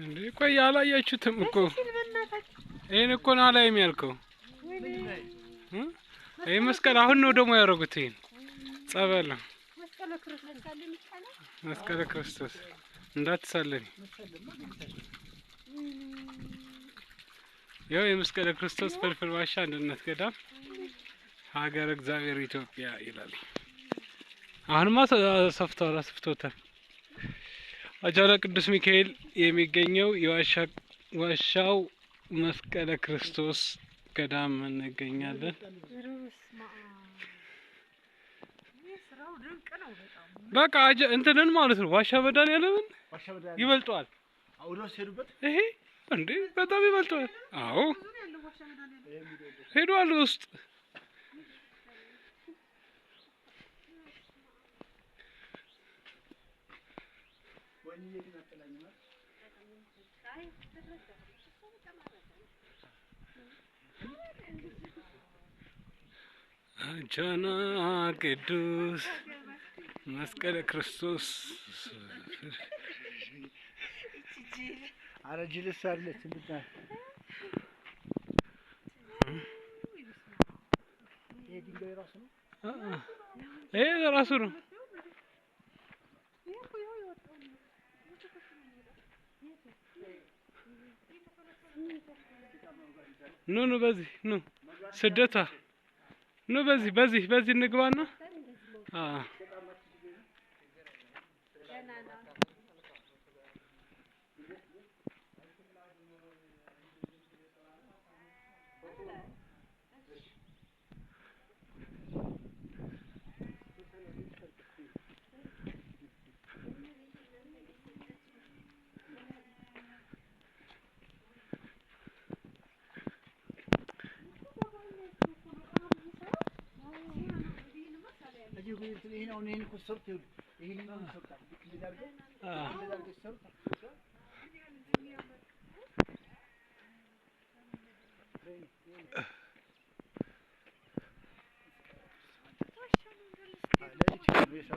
እንዴ ቆይ አላያችሁትም እኮ ይሄን እኮ ነው አላይም ያልከው መስቀል አሁን ነው ደግሞ ያደረጉት ይሄን ጸበል መስቀለ ክርስቶስ ያው የመስቀለ ክርስቶስ ፍልፍል ዋሻ አንድነት ገዳም ሀገር እግዚአብሔር ኢትዮጵያ ይላል አሁንማ ሰፍቷል አስፍቶታል አጃዳ ቅዱስ ሚካኤል የሚገኘው የዋሻው መስቀለ ክርስቶስ ገዳም እንገኛለን። በቃ እንትንን ማለት ነው ዋሻ መዳን ያለምን ይበልጠዋል። ይሄ እንዴ በጣም ይበልጠዋል። አዎ ሄዷል ውስጥ ጃና ቅዱስ መስቀለ ክርስቶስ አረጅልስ አለች እንድታ ይሄ ራሱ ነው። ኑ ኑ በዚህ ኑ ስደታ ኑ በዚህ በዚህ በዚህ እንግባና يجي يقول لك هنا ونهنك الشرطي هنا الشرطه كل درجه كل درجه الشرطه ليش ليش